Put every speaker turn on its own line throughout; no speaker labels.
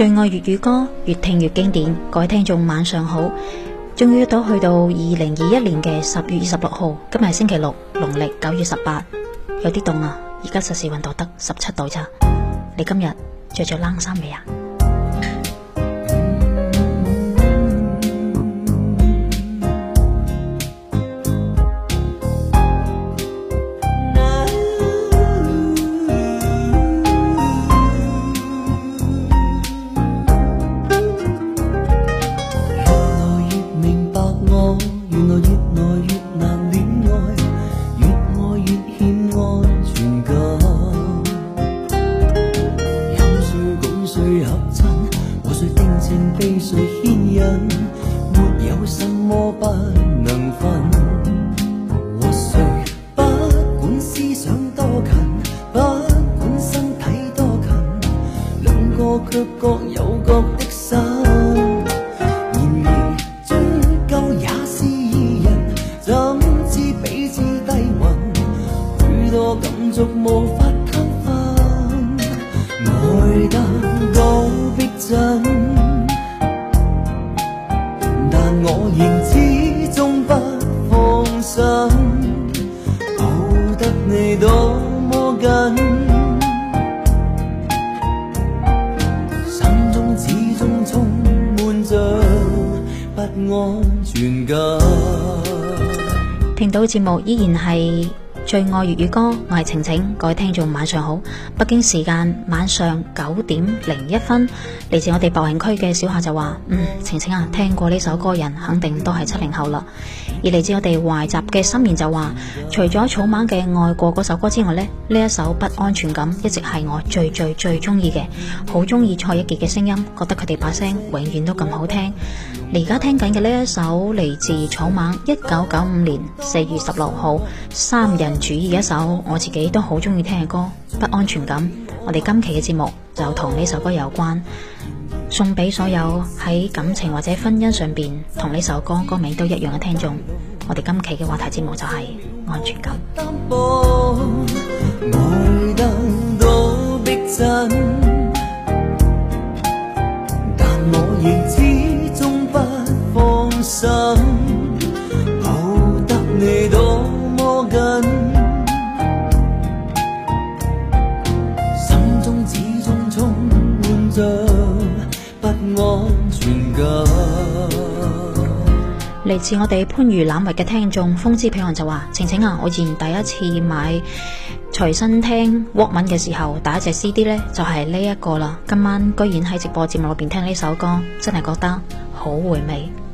最愛粵語歌，越聽越經典。各位聽眾晚上好，終於都去到二零二一年嘅十月二十六號，今日星期六，農曆九月十八，有啲凍啊！而家實時溫度得十七度咋？你今日着咗冷衫未啊？依然係最愛粵語歌，我係晴晴，各位聽眾晚上好。北京時間晚上九點零一分，嚟自我哋白雲區嘅小夏就話：嗯，晴晴啊，聽過呢首歌人肯定都係七零後啦。而嚟自我哋懷集嘅心然就話：除咗草蜢嘅愛過嗰首歌之外呢，呢一首不安全感一直係我最最最中意嘅，好中意蔡一傑嘅聲音，覺得佢哋把聲永遠都咁好聽。你而家聽緊嘅呢一首嚟自草蜢，一九九五年四月十六號三人主義嘅一首，我自己都好中意聽嘅歌《不安全感》。我哋今期嘅節目就同呢首歌有關，送俾所有喺感情或者婚姻上邊同呢首歌歌名都一樣嘅聽眾。我哋今期嘅話題節目就係安全感。
得你，多麼緊。
嚟自我哋番禺欖圍嘅聽眾風之彼岸就話：晴晴啊，我以前第一次買隨身聽 Walkman 嘅時候，第一隻 C D 呢，就係呢一個啦。今晚居然喺直播節目裏邊聽呢首歌，真係覺得好回味。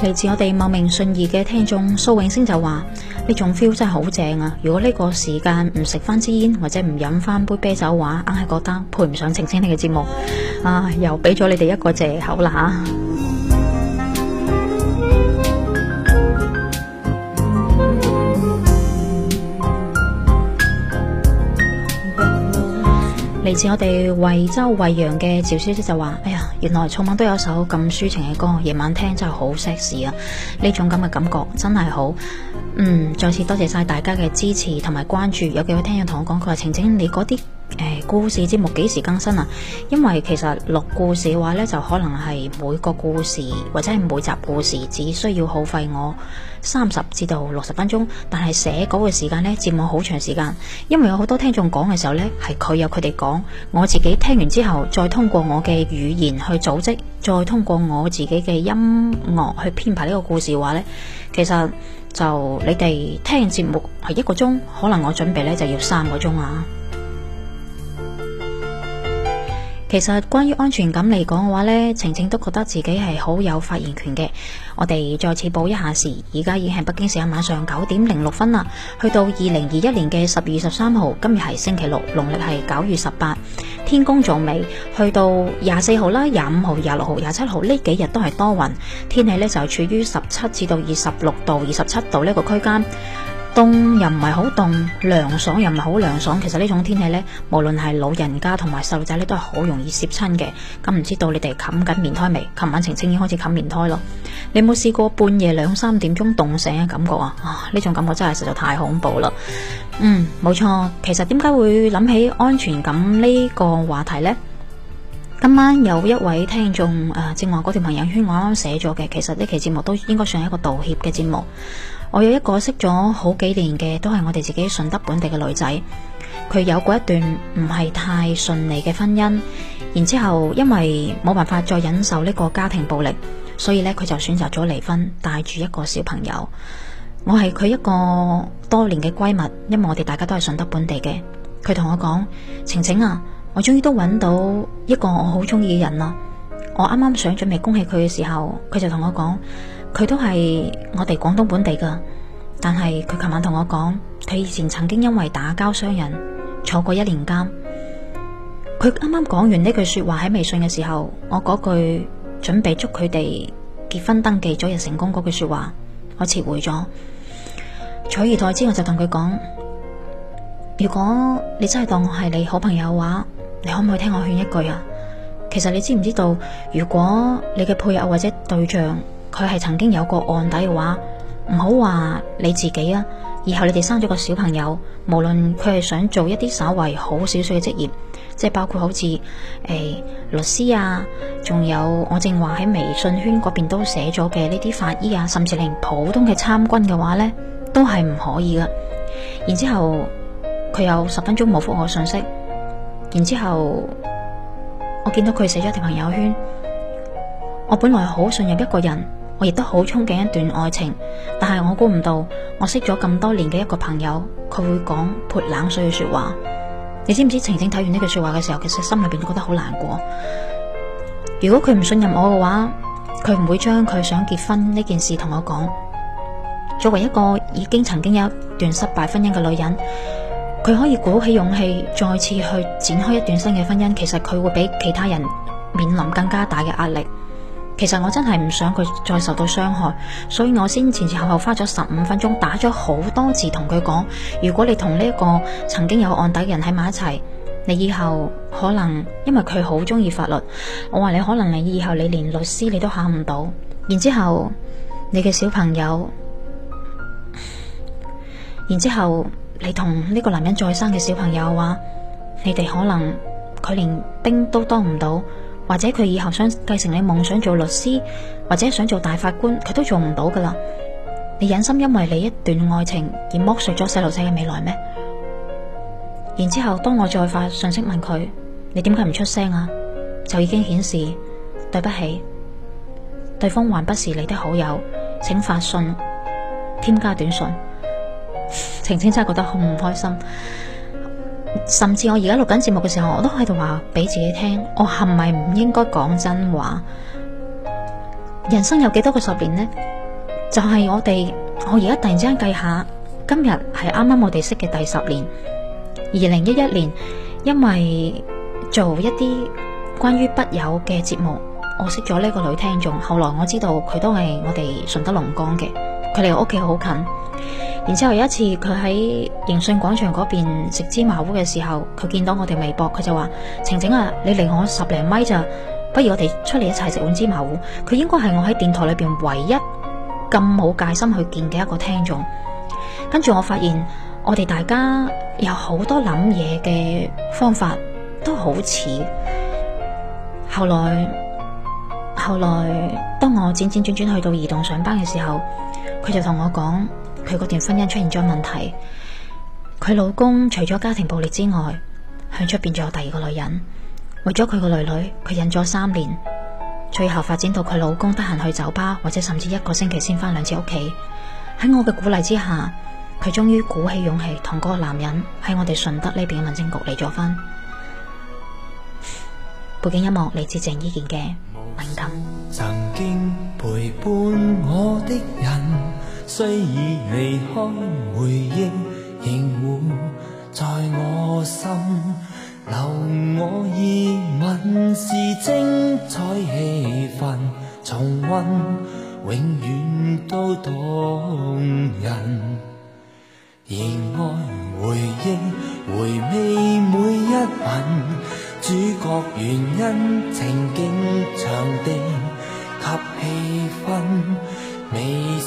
嚟自我哋茂名信義嘅聽眾蘇永星就話：呢種 feel 真係好正啊！如果呢個時間唔食翻支煙或者唔飲翻杯啤酒話，硬係覺得配唔上澄清呢個節目啊！又俾咗你哋一個借口啦。嚟自我哋惠州惠陽嘅趙小姐就話，哎呀，原來草蜢都有首咁抒情嘅歌，夜晚聽真係好 sexy 啊！呢種咁嘅感覺真係好。嗯，再次多謝晒大家嘅支持同埋關注。有幾位聽友同我講，佢話晴晴你嗰啲。誒、哎，故事節目幾時更新啊？因為其實錄故事嘅話呢，就可能係每個故事或者係每集故事只需要耗費我三十至到六十分鐘，但係寫嗰個時間呢，佔我好長時間，因為有好多聽眾講嘅時候呢，係佢有佢哋講，我自己聽完之後再通過我嘅語言去組織，再通過我自己嘅音樂去編排呢個故事話呢，其實就你哋聽節目係一個鐘，可能我準備呢就要三個鐘啊。其實關於安全感嚟講嘅話呢，晴晴都覺得自己係好有發言權嘅。我哋再次報一下時，而家已經係北京時間晚上九點零六分啦。去到二零二一年嘅十月二十三號，今日係星期六，農曆係九月十八，天公造美。去到廿四號啦、廿五號、廿六號、廿七號呢幾日都係多雲天氣呢，就係處於十七至到二十六度、二十七度呢個區間。凍又唔係好凍，涼爽又唔係好涼爽。其實呢種天氣呢，無論係老人家同埋細路仔咧，都係好容易攝親嘅。咁唔知道你哋冚緊棉胎未？琴晚晴晴已經開始冚棉胎咯。你有冇試過半夜兩三點鐘凍醒嘅感覺啊？啊，呢種感覺真係實在太恐怖啦。嗯，冇錯。其實點解會諗起安全感呢個話題呢？今晚有一位聽眾誒，正話嗰條朋友圈我啱啱寫咗嘅。其實呢期節目都應該算係一個道歉嘅節目。我有一個識咗好幾年嘅，都係我哋自己順德本地嘅女仔，佢有過一段唔係太順利嘅婚姻，然之後因為冇辦法再忍受呢個家庭暴力，所以咧佢就選擇咗離婚，帶住一個小朋友。我係佢一個多年嘅閨蜜，因為我哋大家都係順德本地嘅。佢同我講：晴晴啊，我終於都揾到一個我好中意嘅人啦！我啱啱想準備恭喜佢嘅時候，佢就同我講。佢都係我哋廣東本地噶，但係佢琴晚同我講，佢以前曾經因為打交傷人坐過一年監。佢啱啱講完呢句說話喺微信嘅時候，我嗰句準備祝佢哋結婚登記早日成功嗰句說話，我撤回咗。取而代之，我就同佢講：如果你真係當我係你好朋友嘅話，你可唔可以聽我勸一句啊？其實你知唔知道，如果你嘅配偶或者對象？佢係曾經有個案底嘅話，唔好話你自己啊！以後你哋生咗個小朋友，無論佢係想做一啲稍為好少少嘅職業，即係包括好似誒、哎、律師啊，仲有我正話喺微信圈嗰邊都寫咗嘅呢啲法醫啊，甚至連普通嘅參軍嘅話呢，都係唔可以噶。然之後佢有十分鐘冇覆我信息，然之後我見到佢寫咗條朋友圈，我本來好信任一個人。我亦都好憧憬一段愛情，但係我估唔到我識咗咁多年嘅一個朋友，佢會講潑冷水嘅說話。你知唔知晴晴，睇完呢句說話嘅時候，其實心裏邊都覺得好難過。如果佢唔信任我嘅話，佢唔會將佢想結婚呢件事同我講。作為一個已經曾經有一段失敗婚姻嘅女人，佢可以鼓起勇氣再次去展開一段新嘅婚姻，其實佢會比其他人面臨更加大嘅壓力。其實我真係唔想佢再受到傷害，所以我先前前后後花咗十五分鐘打咗好多字同佢講：如果你同呢一個曾經有案底嘅人喺埋一齊，你以後可能因為佢好鍾意法律，我話你可能你以後你連律師你都考唔到。然之後你嘅小朋友，然之後你同呢個男人再生嘅小朋友嘅話，你哋可能佢連兵都當唔到。或者佢以後想繼承你夢想做律師，或者想做大法官，佢都做唔到噶啦。你忍心因為你一段愛情而剝削咗細路仔嘅未來咩？然之後當我再發信息問佢，你點解唔出聲啊？就已經顯示對不起，對方還不是你的好友，請發信添加短信。 晴晴真係覺得好唔開心。甚至我而家錄緊節目嘅時候，我都喺度話俾自己聽，我係咪唔應該講真話？人生有幾多個十年呢？就係我哋，我而家突然之間計下，今日係啱啱我哋識嘅第十年。二零一一年，因為做一啲關於筆友嘅節目，我識咗呢個女聽眾。後來我知道佢都係我哋順德龍江嘅，佢離我屋企好近。然之後有一次，佢喺盈信廣場嗰邊食芝麻糊嘅時候，佢見到我哋微博，佢就話：晴晴啊，你離我十零米咋？不如我哋出嚟一齊食碗芝麻糊。佢應該係我喺電台裏邊唯一咁冇戒心去見嘅一個聽眾。跟住我發現，我哋大家有好多諗嘢嘅方法都好似。後來，後來，當我輾轉轉轉去到移動上班嘅時候，佢就同我講。佢嗰段婚姻出現咗問題，佢老公除咗家庭暴力之外，向出邊仲有第二個女人，為咗佢個女女，佢忍咗三年，最後發展到佢老公得閒去酒吧，或者甚至一個星期先翻兩次屋企。喺我嘅鼓勵之下，佢終於鼓起勇氣同嗰個男人喺我哋順德呢邊嘅民政局離咗婚。背景音樂嚟自鄭伊健嘅《敏感》。曾經陪伴我的。
雖已離開，回憶仍會在我心留。我熱吻是精彩氣氛，重溫永遠都動人。而愛回憶，回味每一吻，主角原因情、情景場地及氣氛，未。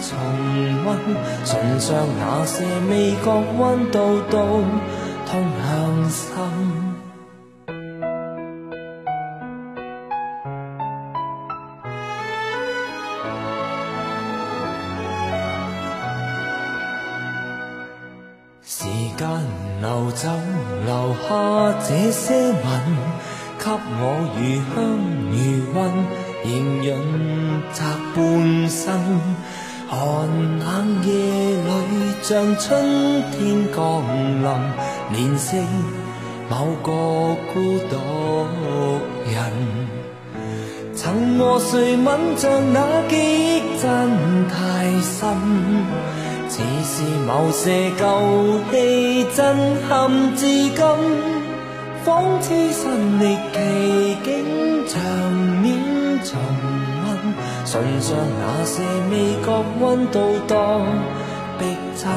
重溫唇上那些味覺溫度都痛向心。時間流走，留下這些吻，給我餘香餘溫，仍蘊積半生。寒冷夜裡，像春天降臨，憐惜某個孤獨人，曾和誰吻着，那記憶真太深，似是某些舊戲震撼至今，仿似身歷奇境，長眠重。唇上那些味覺溫度多逼真，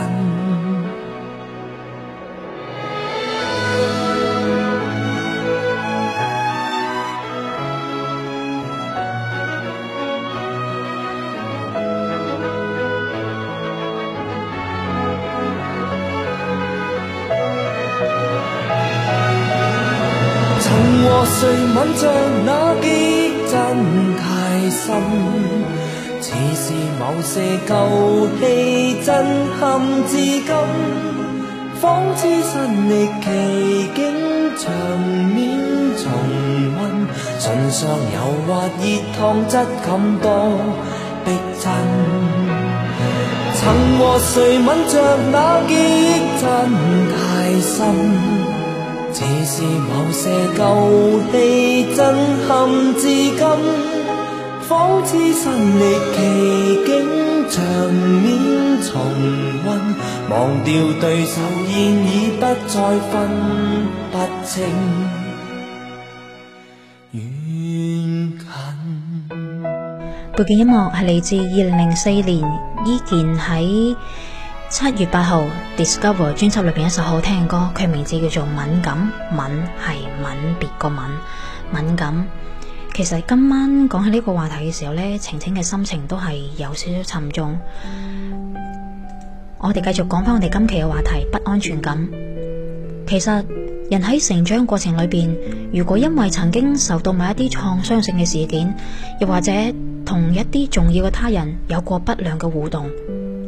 曾和誰吻著那極真？心，似是某些舊戲震撼至今，方知新歷奇景場面重溫，唇上柔滑熱燙質感多逼真。曾和誰吻着？那記憶真太深，似是某些舊戲震撼至今。仿似身歷奇境場面重溫忘掉對手，現
已不不再分不清遠近。背景音樂係嚟自二零零四年，伊健喺七月八號 Discover 專輯裏邊一首好聽嘅歌，佢名字叫做《敏感》，敏，敏係吻別個敏，敏感。其實今晚講起呢個話題嘅時候呢，晴晴嘅心情都係有少少沉重。我哋繼續講翻我哋今期嘅話題，不安全感。其實人喺成長過程裏邊，如果因為曾經受到某一啲創傷性嘅事件，又或者同一啲重要嘅他人有過不良嘅互動，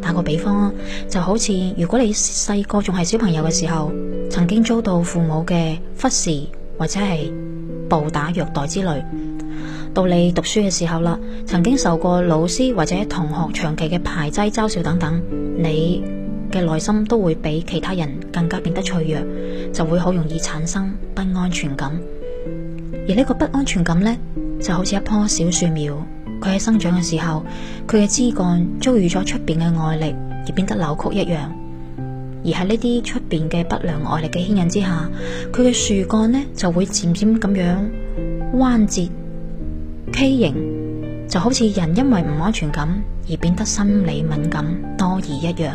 打個比方，就好似如果你細個仲係小朋友嘅時候，曾經遭到父母嘅忽視，或者係暴打虐待之類。到你讀書嘅時候啦，曾經受過老師或者同學長期嘅排擠、嘲笑等等，你嘅內心都會比其他人更加變得脆弱，就會好容易產生不安全感。而呢個不安全感呢，就好似一棵小樹苗，佢喺生長嘅時候，佢嘅枝幹遭遇咗出邊嘅外力而變得扭曲一樣。而喺呢啲出邊嘅不良外力嘅牽引之下，佢嘅樹幹呢就會漸漸咁樣彎折。畸形，就好似人因為唔安全感而變得心理敏感多疑一樣。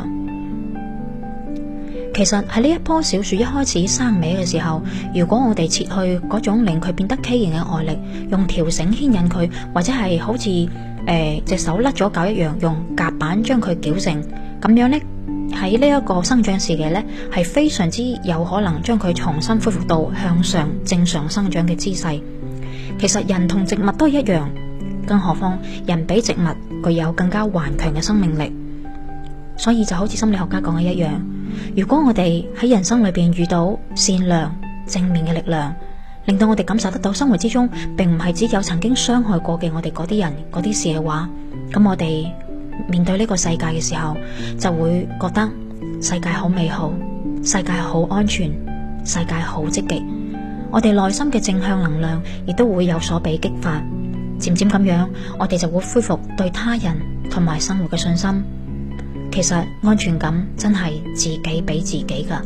其實喺呢一棵小樹一開始生歪嘅時候，如果我哋撤去嗰種令佢變得畸形嘅外力，用條繩牽引佢，或者係好似誒，隻手甩咗狗一樣，用夾板將佢矯正，咁樣咧，喺呢一個生長時期咧，係非常之有可能將佢重新恢復到向上正常生長嘅姿勢。其實人同植物都一樣，更何況人比植物具有更加頑強嘅生命力。所以就好似心理學家講嘅一樣，如果我哋喺人生裏邊遇到善良、正面嘅力量，令到我哋感受得到生活之中並唔係只有曾經傷害過嘅我哋嗰啲人、嗰啲事嘅話，咁我哋面對呢個世界嘅時候，就會覺得世界好美好，世界好安全，世界好積極。我哋內心嘅正向能量，亦都會有所被激發，漸漸咁樣，我哋就會恢復對他人同埋生活嘅信心。其實安全感真係自己俾自己噶。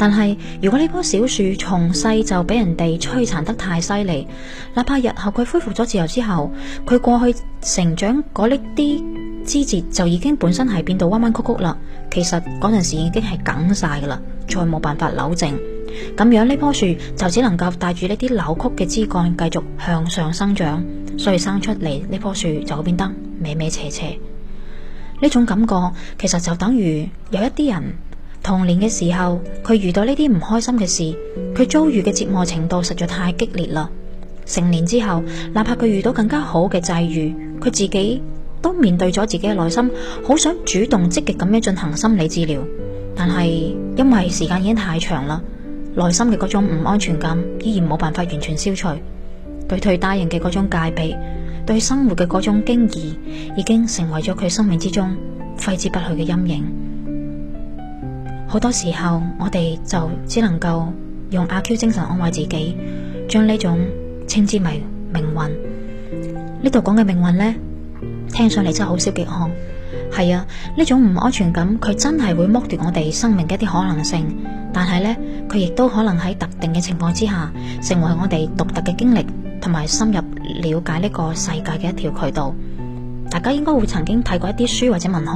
但係如果呢棵小樹從細就俾人哋摧殘得太犀利，哪怕日後佢恢復咗自由之後，佢過去成長嗰啲枝節就已經本身係變到彎彎曲曲啦。其實嗰陣時已經係梗晒噶啦，再冇辦法扭正。咁樣呢棵樹就只能夠帶住呢啲扭曲嘅枝幹，繼續向上生長，所以生出嚟呢棵樹就會變得歪歪斜斜。呢種感覺其實就等於有一啲人童年嘅時候佢遇到呢啲唔開心嘅事，佢遭遇嘅折磨程度實在太激烈啦。成年之後，哪怕佢遇到更加好嘅際遇，佢自己都面對咗自己嘅內心，好想主動積極咁樣進行心理治療，但係因為時間已經太長啦。內心嘅嗰種唔安全感依然冇辦法完全消除，對退大人嘅嗰種戒備，對生活嘅嗰種驚異，已經成為咗佢生命之中揮之不去嘅陰影。好多時候我哋就只能夠用阿 Q 精神安慰自己，將呢種稱之為命運。呢度講嘅命運呢，聽上嚟真係好消極哦。係啊，呢種唔安全感，佢真係會剝奪我哋生命嘅一啲可能性。但係呢，佢亦都可能喺特定嘅情況之下，成為我哋獨特嘅經歷，同埋深入了解呢個世界嘅一條渠道。大家應該會曾經睇過一啲書或者文學，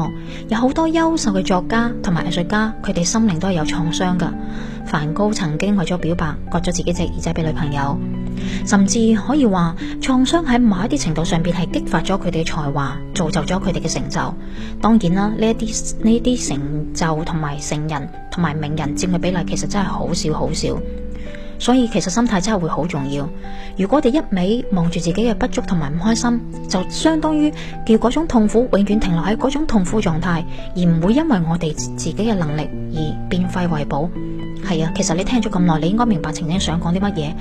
有好多優秀嘅作家同埋藝術家，佢哋心靈都係有創傷㗎。梵高曾經為咗表白，割咗自己隻耳仔俾女朋友。甚至可以話創傷喺某一啲程度上邊係激發咗佢哋嘅才華，造就咗佢哋嘅成就。當然啦，呢一啲呢啲成就同埋成人同埋名人佔嘅比例其實真係好少好少。所以其實心態真係會好重要。如果我哋一味望住自己嘅不足同埋唔開心，就相當於叫嗰種痛苦永遠停留喺嗰種痛苦狀態，而唔會因為我哋自己嘅能力而變廢為寶。係啊，其實你聽咗咁耐，你應該明白晴晴想講啲乜嘢，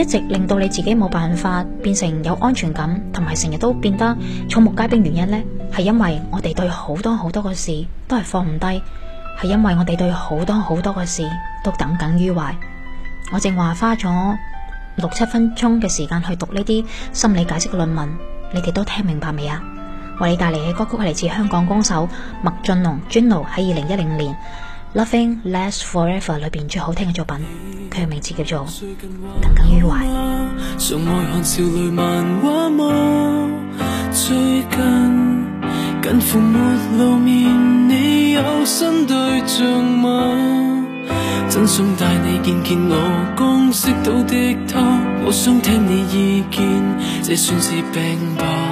一直令到你自己冇辦法變成有安全感，同埋成日都變得草木皆兵原因呢，係因為我哋對好多好多嘅事都係放唔低，係因為我哋對好多好多嘅事都耿耿於懷。我正話花咗六七分鐘嘅時間去讀呢啲心理解釋嘅論文，你哋都聽明白未啊？為你帶嚟嘅歌曲係嚟自香港歌手麥浚龍，Juno 喺二零一零年。《Loving Lasts Forever》裏邊最好聽嘅作品，佢嘅名字叫做《耿耿
於懷》。仲愛看少女漫畫嗎？最近，近乎沒露面，你有新對象嗎？真想帶你見見我剛識到嘅她，我想聽你意見，這算是病吧。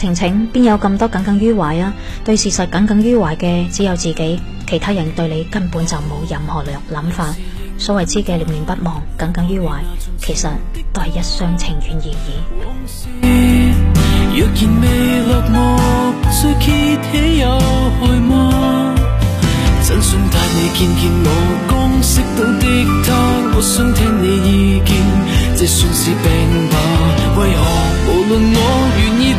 晴晴，邊有咁多耿耿於懷啊？對事實耿耿於懷嘅只有自己，其他人對你根本就冇任何諗法。所謂知嘅念念不忘，耿耿於懷，其實都係一廂
情願而已。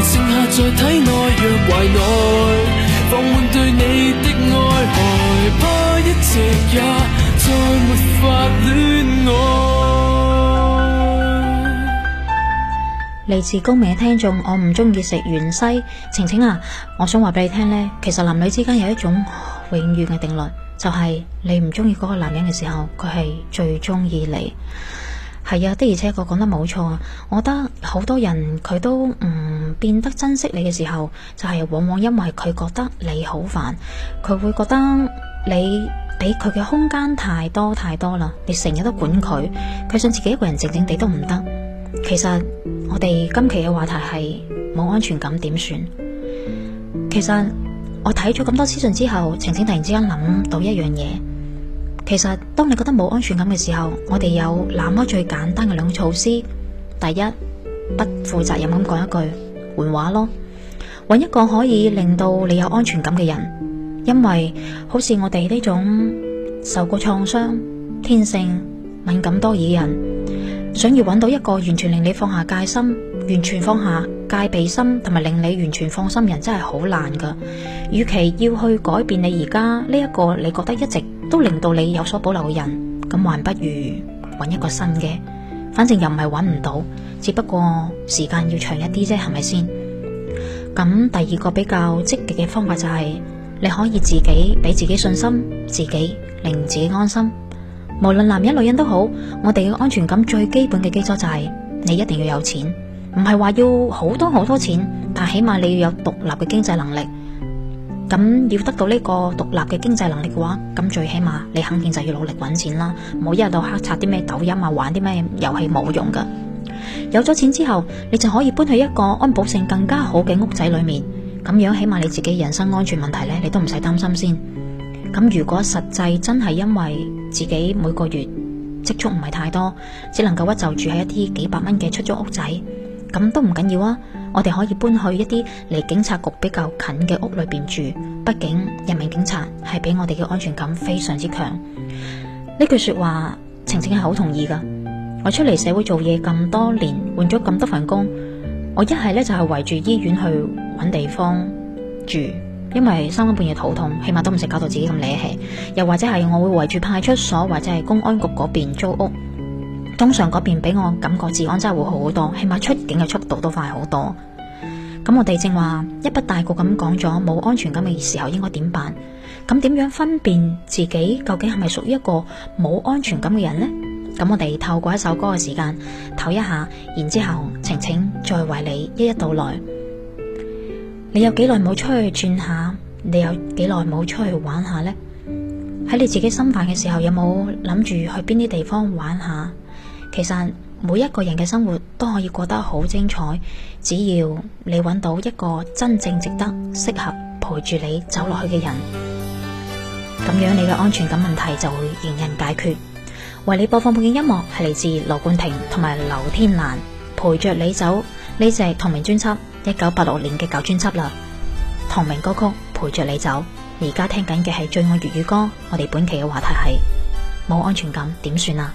在體內，若
懷內放滿對你的愛，害怕一直
也再沒法戀愛。嚟自公屏嘅聽眾，我唔中意食芫茜。晴晴啊！我想話俾你聽呢，其實男女之間有一種永遠嘅定律，就係、是、你唔中意嗰個男人嘅時候，佢係最中意你。係啊，的而且確講得冇錯啊！我覺得好多人佢都唔變得珍惜你嘅時候，就係往往因為佢覺得你好煩，佢會覺得你俾佢嘅空間太多太多啦，你成日都管佢，佢想自己一個人靜靜地都唔得。其實我哋今期嘅話題係冇安全感點算？其實我睇咗咁多資訊之後，晴晴突然之間諗到一樣嘢。其實，當你覺得冇安全感嘅時候，我哋有那麼最簡單嘅兩個措施。第一，不負責任咁講一句換話咯，揾一個可以令到你有安全感嘅人。因為好似我哋呢種受過創傷、天性敏感多疑人，想要揾到一個完全令你放下戒心、完全放下戒備心，同埋令你完全放心人，真係好難噶。與其要去改變你而家呢一個你覺得一直。都令到你有所保留嘅人，咁還不如揾一個新嘅，反正又唔係揾唔到，只不過時間要長一啲啫，係咪先？咁第二個比較積極嘅方法就係，你可以自己俾自己信心，自己令自己安心。無論男人女人都好，我哋嘅安全感最基本嘅基礎就係，你一定要有錢，唔係話要好多好多錢，但起碼你要有獨立嘅經濟能力。咁要得到呢個獨立嘅經濟能力嘅話，咁最起碼你肯定就要努力揾錢啦，唔好一日到黑刷啲咩抖音啊，玩啲咩遊戲冇用噶。有咗錢之後，你就可以搬去一個安保性更加好嘅屋仔裏面，咁樣起碼你自己人身安全問題呢，你都唔使擔心先。咁如果實際真係因為自己每個月積蓄唔係太多，只能夠屈就住喺一啲幾百蚊嘅出租屋仔，咁都唔緊要啊。我哋可以搬去一啲離警察局比較近嘅屋裏邊住，畢竟人民警察係俾我哋嘅安全感非常之強。呢句說話，晴晴係好同意㗎。我出嚟社會做嘢咁多年，換咗咁多份工，我一係咧就係圍住醫院去揾地方住，因為三更半夜肚痛，起碼都唔使搞到自己咁理氣。又或者係我會圍住派出所或者係公安局嗰邊租屋。通常嗰邊俾我感覺治安真係會好好多，起碼出警嘅速度都快好多。咁我哋正話一筆帶過咁講咗，冇安全感嘅時候應該點辦？咁點樣分辨自己究竟係咪屬於一個冇安全感嘅人呢？咁我哋透過一首歌嘅時間唞一下，然之後晴晴再為你一一道來。你有幾耐冇出去轉下？你有幾耐冇出去玩下呢？喺你自己心煩嘅時候，有冇諗住去邊啲地方玩下？其實每一個人嘅生活都可以過得好精彩，只要你揾到一個真正值得、適合陪住你走落去嘅人，咁樣你嘅安全感問題就會迎刃解決。為你播放背景音樂係嚟自盧冠廷同埋劉天蘭《陪着你走》呢隻同名專輯，一九八六年嘅舊專輯啦。同名歌曲《陪着你走》，而家聽緊嘅係最愛粵語歌。我哋本期嘅話題係冇安全感點算啊！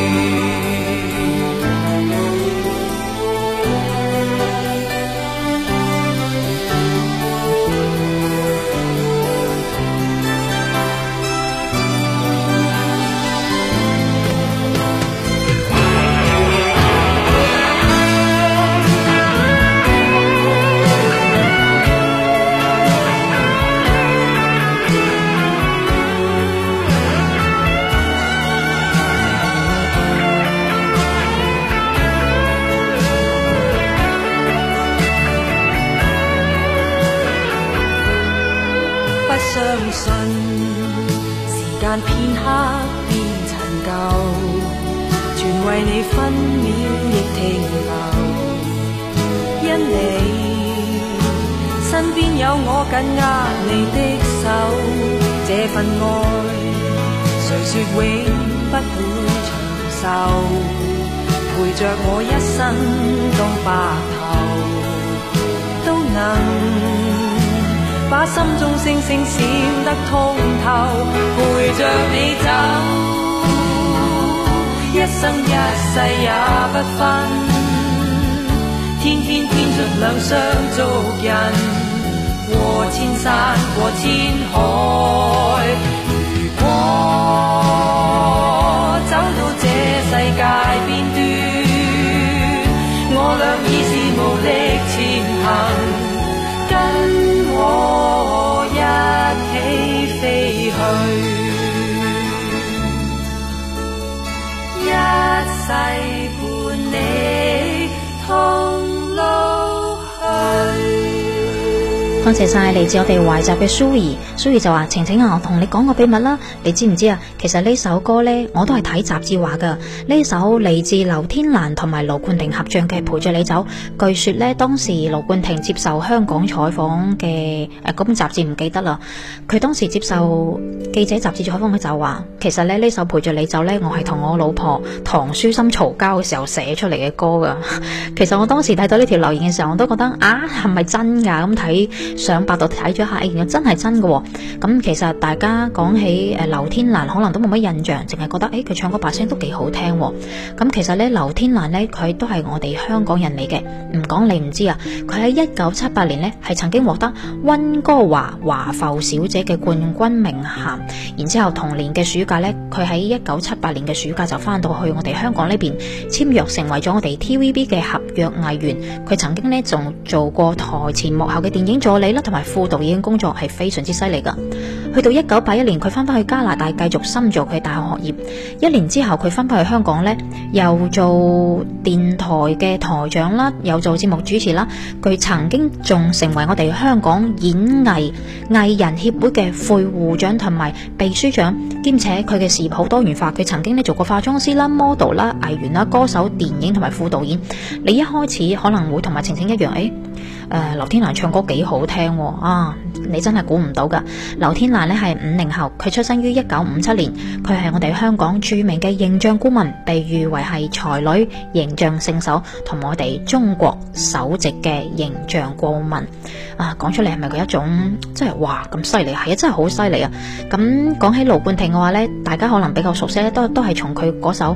時間片刻變陳舊，全為你分秒亦停留。因你身邊有我緊握你的手，這份愛誰說永不會長壽？陪着我一生到白頭都能。把心中星星閃得通透，陪着你走，一生一世也不分。天天天出兩雙足印，過千山過千海。如果走到這世界邊端，我倆已是無力前行。和我一起飛去，一世伴你。
多謝晒嚟自我哋懷集嘅蘇兒，蘇兒就話晴晴啊，我同你講個秘密啦。你知唔知啊？其實呢首歌呢，我都係睇雜誌話噶呢首嚟自劉天蘭同埋盧冠廷合唱嘅《陪着你走》。據說呢，當時盧冠廷接受香港採訪嘅誒，咁、呃、雜誌唔記得啦。佢當時接受記者雜誌採訪，佢就話：其實呢呢首《陪着你走》呢，我係同我老婆唐書琛嘈交嘅時候寫出嚟嘅歌噶。 其實我當時睇到呢條留言嘅時候，我都覺得啊，係咪真噶咁睇？上百度睇咗下，原、欸、來真係真嘅、哦。咁、嗯、其實大家講起誒、呃、劉天蘭可能都冇乜印象，淨係覺得誒，佢、欸、唱歌把聲都幾好聽、哦。咁、嗯、其實咧，劉天蘭咧佢都係我哋香港人嚟嘅，唔講你唔知啊。佢喺一九七八年咧係曾經獲得溫哥華華埠小姐嘅冠軍名銜，然之後同年嘅暑假咧，佢喺一九七八年嘅暑假就翻到去我哋香港呢邊，簽約成為咗我哋 TVB 嘅合約藝員，佢曾經咧仲做過台前幕後嘅電影助理。你啦，同埋副導演工作係非常之犀利噶去到一九八一年，佢翻返去加拿大繼續深造佢大學學業。一年之後，佢翻返去香港呢，又做電台嘅台長啦，又做節目主持啦。佢曾經仲成為我哋香港演藝藝人協會嘅副會長同埋秘書長。兼且佢嘅事業好多元化。佢曾經咧做過化妝師啦、model 啦、藝員啦、歌手、電影同埋副導演。你一開始可能會同埋晴晴一樣，誒。誒、呃，劉天蘭唱歌幾好聽喎、哦、啊！你真係估唔到㗎。劉天蘭呢係五零後，佢出生於一九五七年，佢係我哋香港著名嘅形象顧問，被譽為係才女、形象聖手同我哋中國首席嘅形象顧問。啊，講出嚟係咪佢一種真係哇咁犀利啊？係啊，真係好犀利啊！咁講起盧冠廷嘅話呢，大家可能比較熟悉咧，都都係從佢嗰首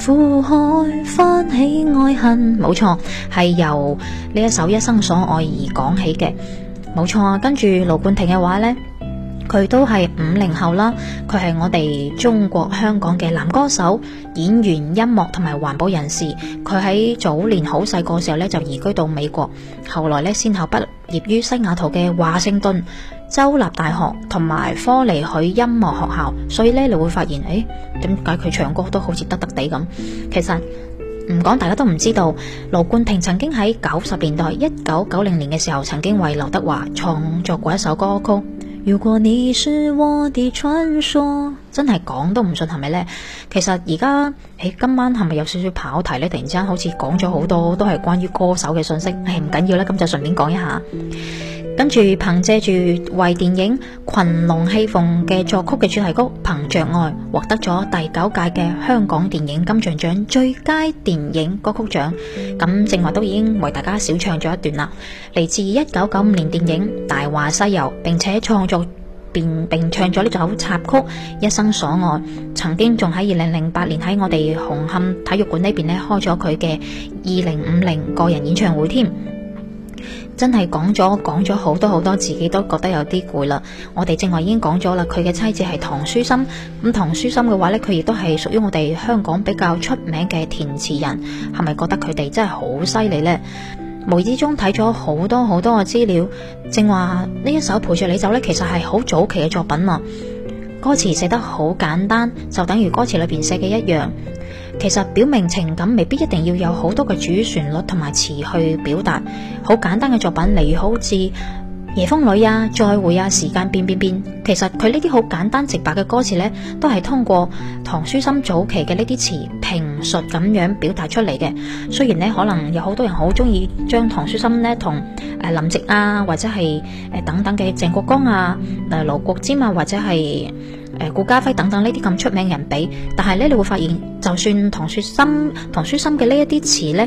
《苦海翻起愛恨》，冇錯，係由呢一首《一生所》。愛而講起嘅，冇錯啊。跟住盧冠廷嘅話呢，佢都係五零後啦。佢係我哋中國香港嘅男歌手、演員、音樂同埋環保人士。佢喺早年好細個時候呢就移居到美國，後來呢先後畢業於西雅圖嘅華盛頓州立大學同埋科尼許音樂學校。所以呢，你會發現，誒、哎，點解佢唱歌都好似得得地咁？其實。唔講，不說，大家都唔知道，盧冠廷曾經喺九十年代一九九零年嘅時候，曾經為劉德華創作過一首歌曲。《如果你是我的傳說》真係講都唔信係咪呢？其實而家誒今晚係咪有少少跑題呢？突然之間好似講咗好多都係關於歌手嘅信息，誒唔緊要啦，咁就順便講一下。跟住憑借住為電影《群龍戲鳳》嘅作曲嘅主題曲《憑着愛》，獲得咗第九屆嘅香港電影金像獎最佳電影歌曲獎。咁正話都已經為大家小唱咗一段啦，嚟自一九九五年電影《大話西遊》，並且創作。並唱咗呢首插曲《一生所愛》，曾經仲喺二零零八年喺我哋紅磡體育館呢邊呢開咗佢嘅二零五零個人演唱會添，真係講咗講咗好多好多，自己都覺得有啲攰啦。我哋正話已經講咗啦，佢嘅妻子係唐書琛，咁唐書琛嘅話呢，佢亦都係屬於我哋香港比較出名嘅填詞人，係咪覺得佢哋真係好犀利呢？無意中睇咗好多好多嘅資料，正話呢一首陪著你走咧，其實係好早期嘅作品啊。歌詞寫得好簡單，就等於歌詞裏邊寫嘅一樣。其實表明情感未必一定要有好多嘅主旋律同埋詞去表達，好簡單嘅作品嚟，好似。夜風裏啊，再會啊，時間變變變。其實佢呢啲好簡單直白嘅歌詞呢，都係通過唐書心早期嘅呢啲詞平述咁樣表達出嚟嘅。雖然呢，可能有好多人好中意將唐書心呢同誒、呃、林夕啊，或者係誒、呃、等等嘅鄭國江啊、誒盧國沾啊，或者係誒、呃、顧嘉輝等等呢啲咁出名人比，但係呢，你會發現，就算唐書心唐書心嘅呢一啲詞呢，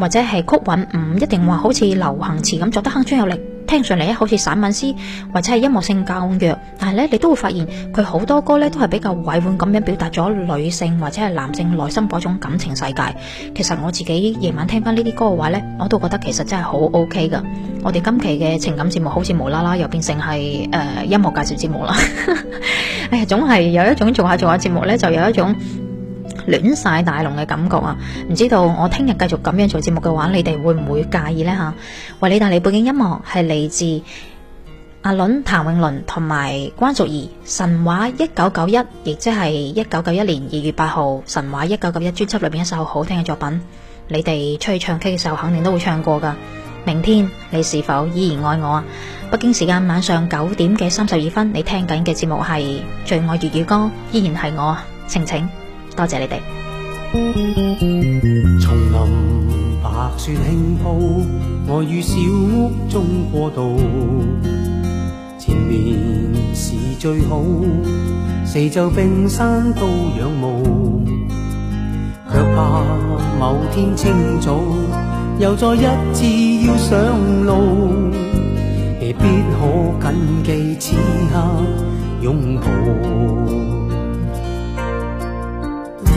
或者係曲韻唔一定話好似流行詞咁作得鏗鏘有力。聽上嚟好似散文詩，或者係音樂性較弱，但係咧你都會發現佢好多歌咧都係比較委婉咁樣表達咗女性或者係男性內心嗰種感情世界。其實我自己夜晚聽翻呢啲歌嘅話咧，我都覺得其實真係好 OK 噶。我哋今期嘅情感節目好似無啦啦又變成係誒、呃、音樂介紹節目啦。 哎呀，總係有一種做下做下節目咧就有一種。亂晒大龍嘅感覺啊！唔知道我聽日繼續咁樣做節目嘅話，你哋會唔會介意呢？吓，為你帶來背景音樂係嚟自阿倫譚詠麟同埋關淑怡神話一九九一，亦即係一九九一年二月八號神話一九九一專輯裏邊一首好聽嘅作品。你哋出去唱 K 嘅時候肯定都會唱過噶。明天你是否依然愛我啊？北京時間晚上九點嘅三十二分，你聽緊嘅節目係醉愛粵語歌依然係我晴晴。多謝你哋。
松林白雪輕鋪，我與小屋中過渡。前面是最好，四周冰山都仰慕。卻怕某天清早，又再一次要上路。未必可緊記此刻擁抱。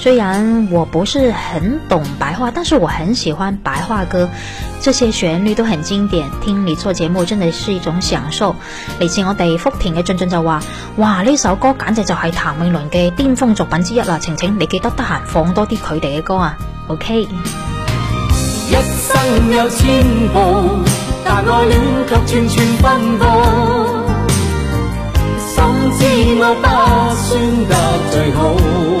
雖然我不是很懂白話，但是我很喜歡白話歌，這些旋律都很經典。聽你做節目，真的是一種享受。嚟自我哋福田嘅俊俊就話，哇，呢首歌簡直就係譚詠麟嘅巔峰作品之一啦！晴晴，你記得得閒放多啲佢哋嘅歌啊。OK。一生有千步，
但愛戀卻寸寸奔波。心知我不算得最好。」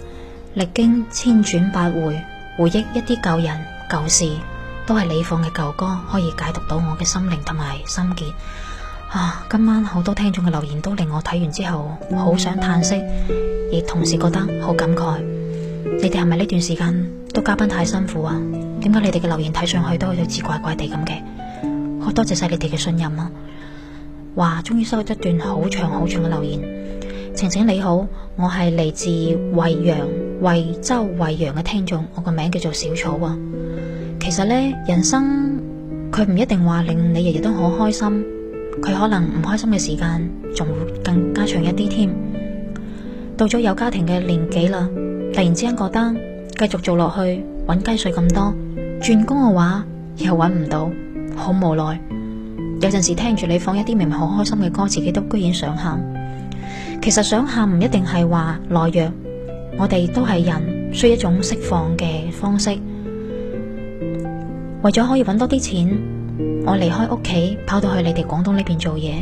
歷經千轉百回，回憶一啲舊人舊事，都係你放嘅舊歌，可以解讀到我嘅心靈同埋心結啊！今晚好多聽眾嘅留言都令我睇完之後好想嘆息，亦同時覺得好感慨。你哋係咪呢段時間都加班太辛苦啊？點解你哋嘅留言睇上去都好似怪怪地咁嘅？好多謝晒你哋嘅信任啊！哇，終於收到一段好長好長嘅留言。晴晴你好，我係嚟自惠陽。惠州惠陽嘅聽眾，我個名叫做小草啊。其實呢，人生，佢唔一定話令你日日都好開心，佢可能唔開心嘅時間仲會更加長一啲添。到咗有家庭嘅年紀啦，突然之間覺得繼續做落去，揾雞碎咁多，轉工嘅話又揾唔到，好無奈。有陣時聽住你放一啲明明好開心嘅歌，自己都居然想喊。其實想喊唔一定係話懦弱。我哋都係人，需要一種釋放嘅方式。為咗可以揾多啲錢，我離開屋企，跑到去你哋廣東呢邊做嘢。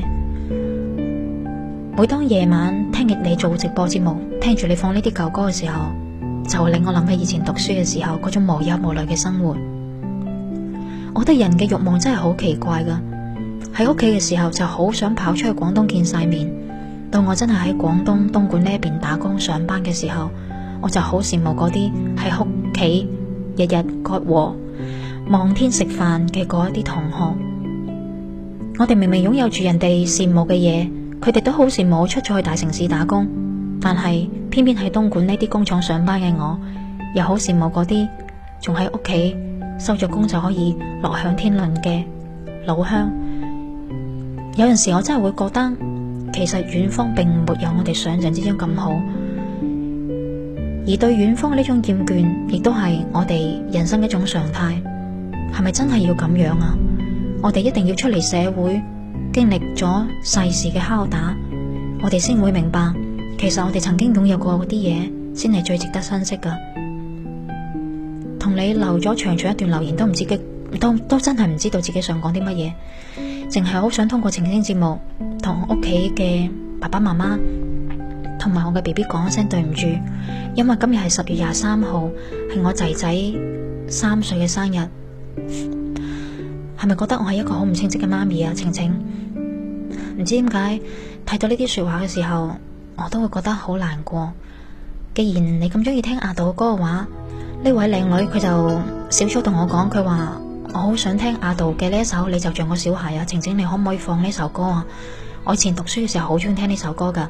每當夜晚聽住你做直播節目，聽住你放呢啲舊歌嘅時候，就會令我諗起以前讀書嘅時候嗰種無憂無慮嘅生活。我覺得人嘅欲望真係好奇怪噶。喺屋企嘅時候就好想跑出去廣東見晒面，到我真係喺廣東東莞呢邊打工上班嘅時候，我就好羨慕嗰啲喺屋企日日割禾望天食飯嘅嗰一啲同學，我哋明明擁有住人哋羨慕嘅嘢，佢哋都好羨慕我出咗去大城市打工，但係偏偏喺東莞呢啲工廠上班嘅我，又好羨慕嗰啲仲喺屋企收咗工就可以樂享天倫嘅老鄉。有陣時我真係會覺得，其實遠方並沒有我哋想象之中咁好。而對遠方嘅呢種厭倦，亦都係我哋人生一種常態。係咪真係要咁樣啊？我哋一定要出嚟社會，經歷咗世事嘅敲打，我哋先會明白，其實我哋曾經擁有過嗰啲嘢，先係最值得珍惜噶。同你留咗長長一段留言，都唔知嘅，都都真係唔知道自己想講啲乜嘢，淨係好想通過澄清節目，同屋企嘅爸爸媽媽同埋我嘅 B B 講一聲對唔住，因為今日係十月廿三號，係我仔仔三歲嘅生日，係咪覺得我係一個好唔稱職嘅媽咪啊？晴晴，唔知點解睇到呢啲說話嘅時候，我都會覺得好難過。既然你咁中意聽阿杜嘅歌嘅話，呢位靚女佢就小初同我講，佢話我好想聽阿杜嘅呢一首《你就像個小孩》啊，晴晴，你可唔可以放呢首歌啊？我以前讀書嘅時候好中意聽呢首歌噶。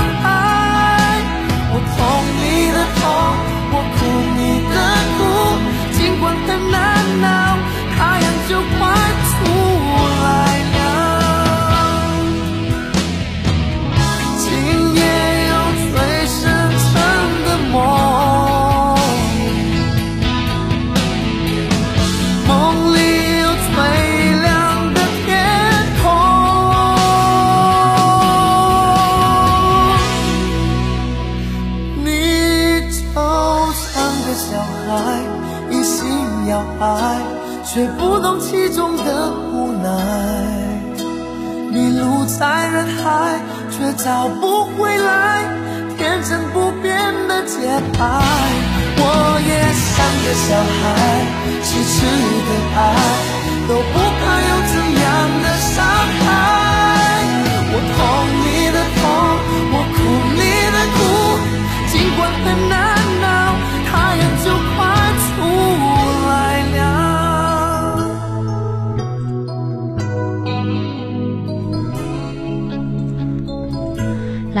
空氣中的無奈，迷路在人海，却找不回來。天真不變的節拍，我也像個小孩，痴痴的愛，都不怕有怎樣的傷害。我痛你的
痛，我哭你的哭，盡管很難。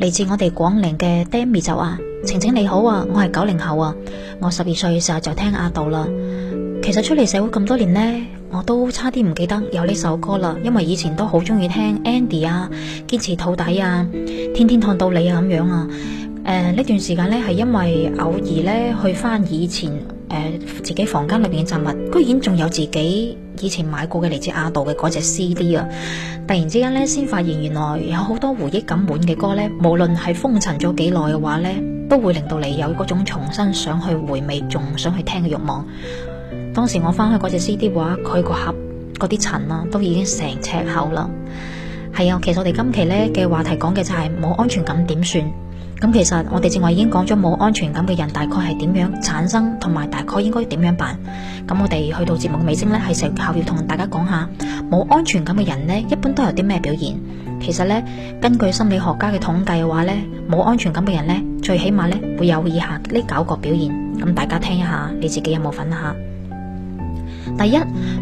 嚟自我哋廣寧嘅 Demi 就話，晴晴你好啊，我係九零後啊，我十二歲嘅時候就聽阿杜啦。其實出嚟社會咁多年呢，我都差啲唔記得有呢首歌啦，因為以前都好中意聽 Andy 啊，堅持到底啊，天天看到你啊咁樣啊。誒、呃、呢段時間呢，係因為偶爾呢去翻以前。誒、呃，自己房間裏邊嘅雜物，居然仲有自己以前買過嘅嚟自亞道嘅嗰隻 CD 啊！突然之間呢，先發現原來有好多回憶感滿嘅歌呢，無論係封塵咗幾耐嘅話呢，都會令到你有嗰種重新想去回味，仲想去聽嘅欲望。當時我翻去嗰隻 CD 話，佢個盒嗰啲塵啊，都已經成尺厚啦。係啊，其實我哋今期呢嘅話題講嘅就係冇安全感點算。咁其實我哋正話已經講咗冇安全感嘅人大概係點樣產生，同埋大概應該點樣辦。咁我哋去到節目嘅尾聲咧，係時候要同大家講下，冇安全感嘅人咧，一般都有啲咩表現？其實咧，根據心理學家嘅統計嘅話咧，冇安全感嘅人咧，最起碼咧會有以下呢九個表現。咁大家聽一下，你自己有冇份下啊？第一，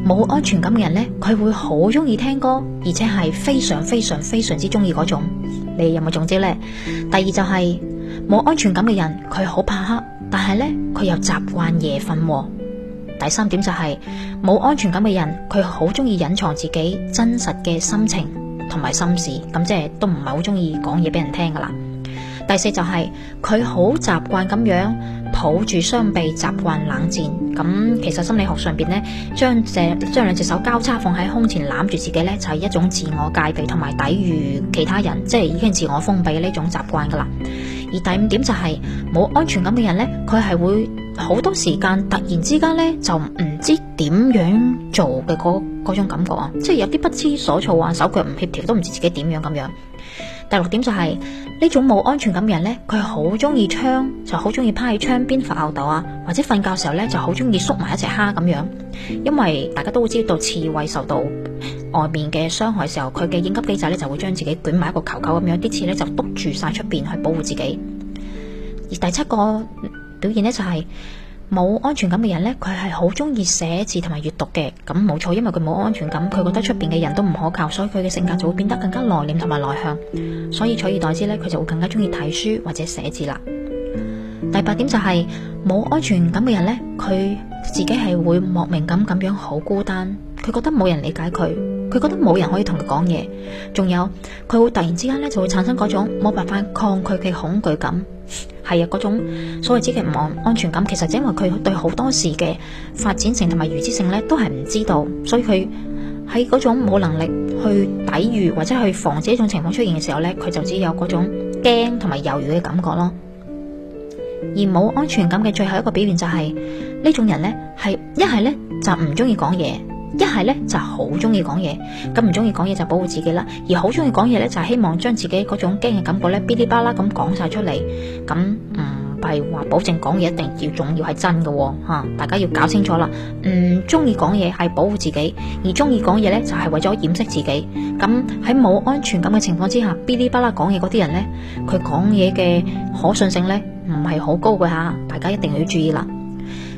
冇安全感嘅人呢，佢會好中意聽歌，而且係非常非常非常之中意嗰種。你有冇中招呢？第二就係冇安全感嘅人，佢好怕黑，但係呢，佢又習慣夜瞓喎。第三點就係冇安全感嘅人，佢好中意隱藏自己真實嘅心情同埋心事，咁即係都唔係好中意講嘢俾人聽噶啦。第四就係佢好習慣咁樣。抱住雙臂習慣冷戰，咁其實心理學上邊咧，將隻將兩隻手交叉放喺胸前攬住自己咧，就係一種自我戒備同埋抵禦其他人，即係已經自我封閉呢種習慣噶啦。而第五點就係冇安全感嘅人咧，佢係會好多時間突然之間咧就唔知點樣做嘅嗰嗰種感覺啊，即係有啲不知所措啊，手腳唔協調，都唔知自己點樣咁樣。第六點就係、是、呢種冇安全感嘅人呢，佢好中意窗，就好中意趴喺窗邊發吽豆啊，或者瞓覺時候呢就好中意縮埋一隻蝦咁樣，因為大家都會知道刺蝟受到外面嘅傷害時候，佢嘅應急機制呢就會將自己捲埋一個球球咁樣，啲刺呢就篤住晒出邊去保護自己。而第七個表現呢就係、是。冇安全感嘅人呢，佢係好中意寫字同埋閱讀嘅，咁冇錯，因為佢冇安全感，佢覺得出邊嘅人都唔可靠，所以佢嘅性格就會變得更加內斂同埋內向，所以取而代之呢，佢就會更加中意睇書或者寫字啦。第八點就係、是、冇安全感嘅人呢，佢自己係會莫名咁咁樣好孤單，佢覺得冇人理解佢，佢覺得冇人可以同佢講嘢，仲有佢會突然之間咧就會產生嗰種冇辦法抗拒嘅恐懼感。係啊，嗰種所謂之嘅唔安全感，其實就因為佢對好多事嘅發展性同埋預知性呢都係唔知道，所以佢喺嗰種冇能力去抵禦或者去防止呢種情況出現嘅時候呢，佢就只有嗰種驚同埋猶豫嘅感覺咯。而冇安全感嘅最後一個表現就係、是、呢種人呢，係一係呢，就唔中意講嘢，一係呢，就好中意講嘢。咁唔中意講嘢就保護自己啦，而好中意講嘢呢，就係希望將自己嗰種驚嘅感覺呢，嗶哩吧啦咁講晒出嚟。咁唔係話保證講嘢一定要重要係真嘅吓、哦，大家要搞清楚啦。唔中意講嘢係保護自己，而中意講嘢呢，就係為咗掩飾自己。咁喺冇安全感嘅情況之下，嗶哩吧啦講嘢嗰啲人呢，佢講嘢嘅可信性呢，唔係好高嘅，吓，大家一定要注意啦。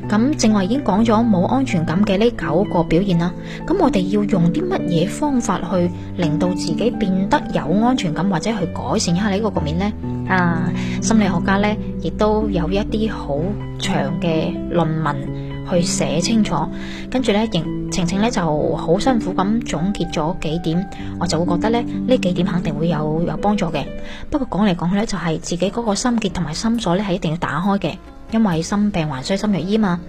咁正話已經講咗冇安全感嘅呢九個表現啦。咁我哋要用啲乜嘢方法去令到自己變得有安全感，或者去改善一下呢個局面呢？啊，uh, 心理學家呢，亦都有一啲好長嘅論文。去寫清楚，跟住呢，晴晴呢就好辛苦咁總結咗幾點，我就會覺得呢呢幾點肯定會有有幫助嘅。不過講嚟講去呢，就係、是、自己嗰個心結同埋心鎖呢，係一定要打開嘅，因為心病還需心藥醫嘛。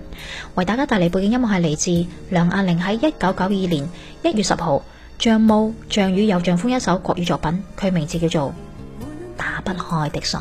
為大家帶來背景音樂係嚟自梁雁翎喺一九九二年一月十號《像霧像雨又像風》一首國語作品，佢名字叫做《打不開的鎖》。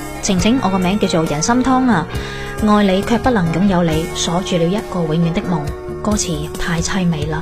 晴晴，我個名叫做人參湯啊！愛你卻不能擁有你，鎖住了一個永遠的夢。歌詞太凄美啦！.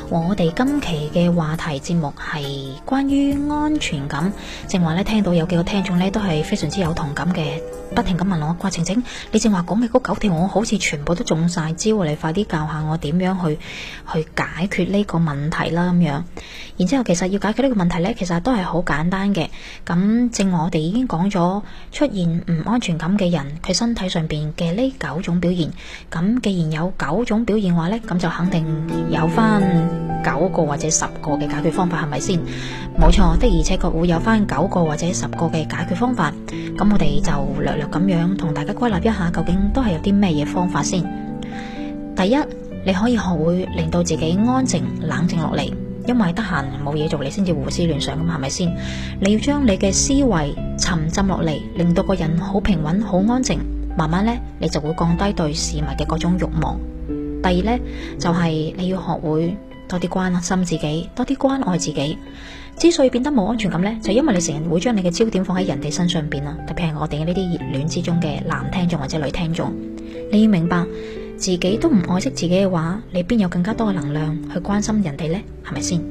我哋今期嘅話題節目係關於安全感，正話咧聽到有幾個聽眾咧都係非常之有同感嘅，不停咁問我話：晴晴，你正話講嘅嗰九條，我好似全部都中晒招，你快啲教下我點樣去去解決呢個問題啦咁樣。然之後其實要解決呢個問題呢，其實都係好簡單嘅。咁正我哋已經講咗出現唔安全感嘅人，佢身體上邊嘅呢九種表現。咁既然有九種表現話呢，咁就肯定有翻。九個或者十個嘅解決方法係咪先？冇錯，的而且確會有翻九個或者十個嘅解決方法。咁我哋就略略咁樣同大家歸納一下，究竟都係有啲咩嘢方法先？第一，你可以學會令到自己安靜冷靜落嚟，因為得閒冇嘢做，你先至胡思亂想咁，係咪先？你要將你嘅思維沉浸落嚟，令到個人好平穩好安靜，慢慢咧，你就會降低對事物嘅嗰種慾望。第二咧，就係你要學會。多啲關心自己，多啲關愛自己。之所以變得冇安全感呢，就因為你成日會將你嘅焦點放喺人哋身上邊啊。特別係我哋呢啲熱戀之中嘅男聽眾或者女聽眾，你要明白自己都唔愛惜自己嘅話，你邊有更加多嘅能量去關心人哋呢？係咪先？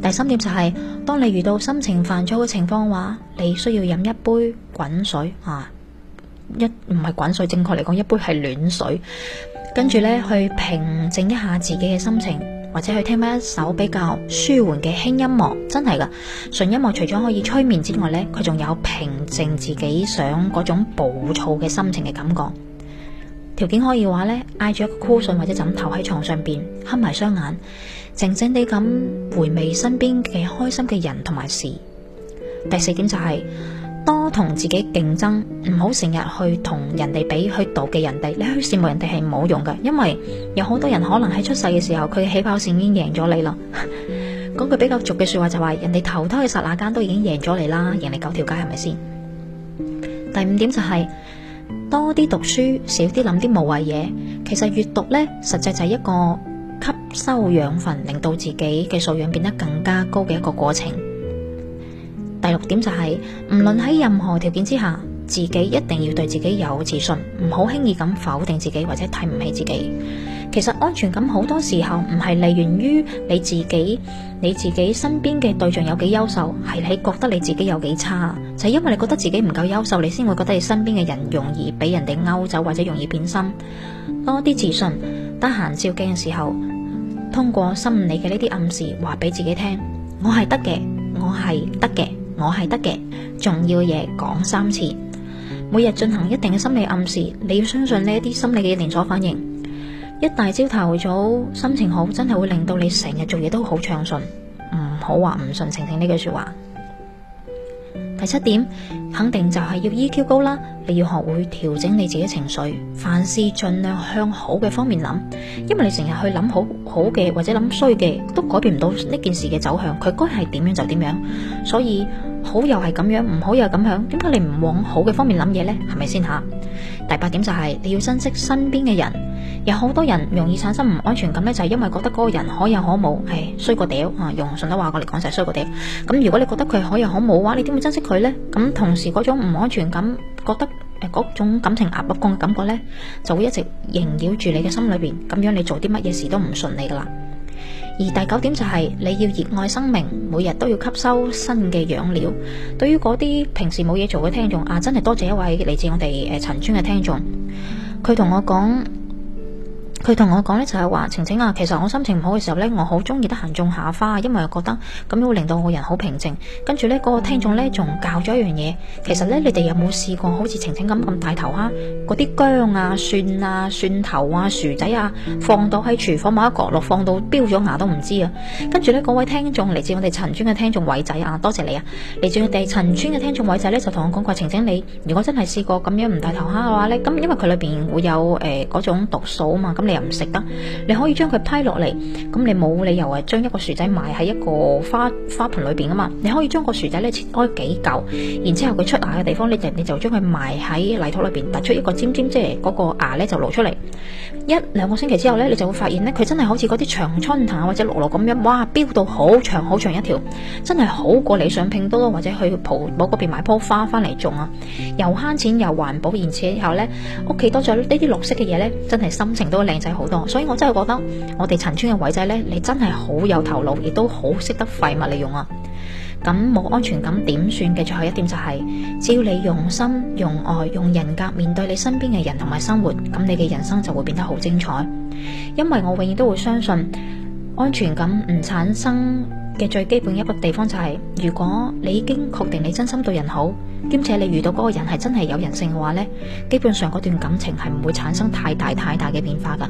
第三點就係當你遇到心情煩躁嘅情況嘅話，你需要飲一杯滾水啊，一唔係滾水，正確嚟講一杯係暖水，跟住呢，去平靜一下自己嘅心情。或者去聽乜一首比較舒緩嘅輕音樂，真係噶純音樂除咗可以催眠之外呢，佢仲有平靜自己想嗰種暴躁嘅心情嘅感覺。條件可以話呢，挨住一個箍 o 或者枕頭喺床上邊，黑埋雙眼，靜靜地咁回味身邊嘅開心嘅人同埋事。第四點就係、是。多同自己競爭，唔好成日去同人哋比，去妒忌人哋，你去羨慕人哋係冇用㗎，因為有好多人可能喺出世嘅時候，佢起跑線已經贏咗你啦。講 句比較俗嘅說話就話，人哋投胎嘅剎那間都已經贏咗你啦，贏你九條街係咪先？第五點就係多啲讀書，少啲諗啲無謂嘢。其實閱讀呢，實際就係一個吸收養分，令到自己嘅素養變得更加高嘅一個過程。第六點就係唔論喺任何條件之下，自己一定要對自己有自信，唔好輕易咁否定自己或者睇唔起自己。其實安全感好多時候唔係嚟源於你自己，你自己身邊嘅對象有幾優秀，係你覺得你自己有幾差，就係因為你覺得自己唔夠優秀，你先會覺得你身邊嘅人容易俾人哋勾走或者容易變心。多啲自信，得閒照鏡嘅時候，通過心理嘅呢啲暗示話俾自己聽：我係得嘅，我係得嘅。.我係得嘅，重要嘅嘢講三次，每日進行一定嘅心理暗示，你要相信呢一啲心理嘅連鎖反應。一大朝頭早，心情好，真係會令到你成日做嘢都暢順、嗯、好暢順，唔好話唔順情情呢句說話。第七點，肯定就係要 EQ 高啦，你要學會調整你自己情緒，凡事盡量向好嘅方面諗，因為你成日去諗好好嘅或者諗衰嘅，都改變唔到呢件事嘅走向，佢該係點樣就點樣，所以。又好又係咁樣，唔好又係咁樣，點解你唔往好嘅方面諗嘢呢？係咪先吓？第八點就係、是、你要珍惜身邊嘅人，有好多人容易產生唔安全感呢就係、是、因為覺得嗰個人可有可冇，係衰個屌啊！用順德話我過嚟講就係衰個屌。咁如果你覺得佢可有可冇嘅話，你點會珍惜佢呢？咁同時嗰種唔安全感，覺得嗰、呃、種感情壓不公嘅感覺呢，就會一直縈繞住你嘅心裏邊，咁樣你做啲乜嘢事都唔順利噶啦。而第九點就係、是、你要熱愛生命，每日都要吸收新嘅養料。對於嗰啲平時冇嘢做嘅聽眾啊，真係多謝一位嚟自我哋誒陳村嘅聽眾，佢同我講。佢同我講呢，就係話晴晴啊，其實我心情唔好嘅時候呢，我好中意得閒種下花，因為又覺得咁樣會令到我人好平靜。跟住呢，嗰、那個聽眾呢，仲教咗一樣嘢，其實呢，你哋有冇試過好似晴晴咁咁大頭蝦，嗰啲薑啊、蒜啊、蒜頭啊、薯仔啊，放到喺廚房某一角落，放到飆咗牙都唔知啊。跟住呢，嗰位聽眾嚟自我哋陳村嘅聽眾偉仔啊，多謝你啊，嚟自我哋陳村嘅聽眾偉仔呢，就同我講過晴晴你，如果真係試過咁樣唔大頭蝦嘅話呢，咁因為佢裏邊會有誒嗰、呃、種毒素啊嘛，咁你又唔食得，你可以將佢批落嚟，咁你冇理由話將一個薯仔埋喺一個花花盆裏邊噶嘛？你可以將個薯仔咧切開幾嚿，然之後佢出芽嘅地方咧就你就將佢埋喺泥土裏邊，突出一個尖尖，即係嗰個芽咧就露出嚟。一兩個星期之後咧，你就會發現咧，佢真係好似嗰啲長春藤或者綠蘿咁樣，哇，飆到好長好長一條，真係好過你上拼多多或者去淘寶嗰邊買棵花翻嚟種啊，又慳錢又環保，而且以後咧屋企多咗呢啲綠色嘅嘢咧，真係心情都靚。好多，所以我真係覺得我哋陳村嘅偉仔呢，你真係好有頭腦，亦都好識得廢物利用啊！咁冇安全感點算嘅？最後一點就係、是，只要你用心、用愛、用人格面對你身邊嘅人同埋生活，咁你嘅人生就會變得好精彩。因為我永遠都會相信安全感唔產生嘅最基本一個地方就係、是，如果你已經確定你真心對人好，兼且你遇到嗰個人係真係有人性嘅話呢，基本上嗰段感情係唔會產生太大太大嘅變化噶。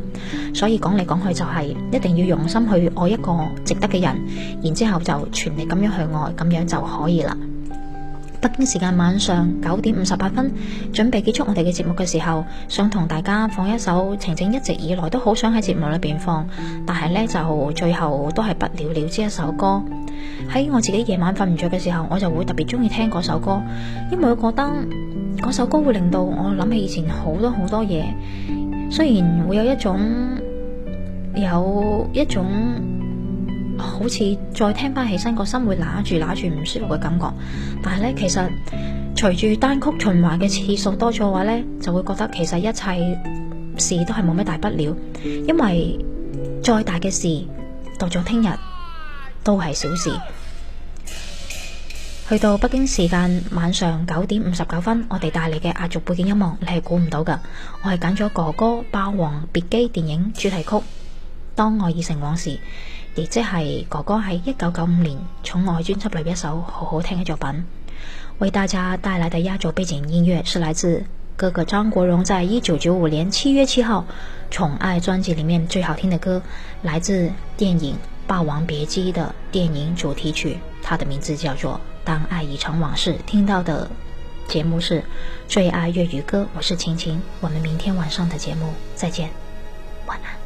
所以講嚟講去就係、是，一定要用心去愛一個值得嘅人，然之後就全力咁樣去愛，咁樣就可以啦。北京時間晚上九點五十八分，準備結束我哋嘅節目嘅時候，想同大家放一首晴晴一直以來都好想喺節目裏邊放，但係呢就最後都係不了了之一首歌。喺我自己夜晚瞓唔着嘅時候，我就會特別中意聽嗰首歌，因為我覺得嗰首歌會令到我諗起以前好多好多嘢，雖然會有一種有一種。好似再聽翻起身個心會揦住揦住唔舒服嘅感覺，但係呢，其實隨住單曲循環嘅次數多咗嘅話呢，就會覺得其實一切事都係冇咩大不了，因為再大嘅事到咗聽日都係小事。去到北京時間晚上九點五十九分，我哋帶嚟嘅壓軸背景音樂你係估唔到噶，我係揀咗哥哥《霸王別姬》電影主題曲《當愛已成往事》。亦即係哥哥喺一九九五年寵愛專輯裏一首好好聽嘅作品，為大家帶來的壓軸背景音樂，是來自哥哥張國榮在一九九五年七月七號寵愛專輯裏面最好聽嘅歌，來自電影《霸王別姬》的電影主題曲，它的名字叫做《當愛已成往事》。聽到的節目是醉愛粵語歌，我是晴晴，我們明天晚上的節目再見，晚安。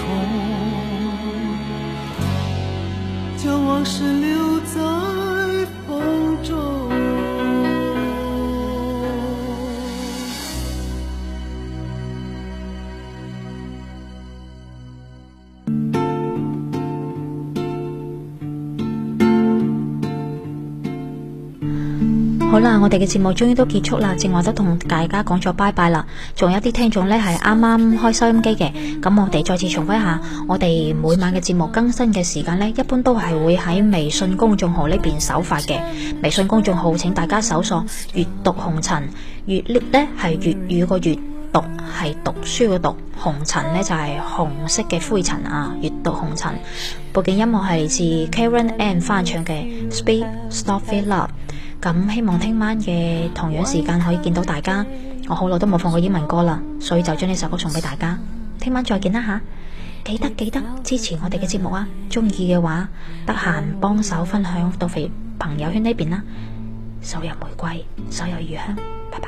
將往事留
在。
好啦，我哋嘅節目終於都結束啦，正話都同大家講咗拜拜啦。仲有啲聽眾呢係啱啱開收音機嘅，咁我哋再次重複一下，我哋每晚嘅節目更新嘅時間呢，一般都係會喺微信公眾號呢邊首發嘅。微信公眾號，請大家搜索《閱讀紅塵》月呢，閱讀咧係粵語個閱讀係讀書嘅讀，紅塵咧就係、是、紅色嘅灰塵啊。閱讀紅塵，背景音樂係嚟自 Karen M 翻唱嘅《Speak Softly Love》。咁希望聽晚嘅同樣時間可以見到大家。我好耐都冇放過英文歌啦，所以就將呢首歌送俾大家。聽晚再見啦吓，記得記得支持我哋嘅節目啊！中意嘅話，得閒幫手分享到肥朋友圈呢邊啦。手有玫瑰，手有餘香，拜
拜。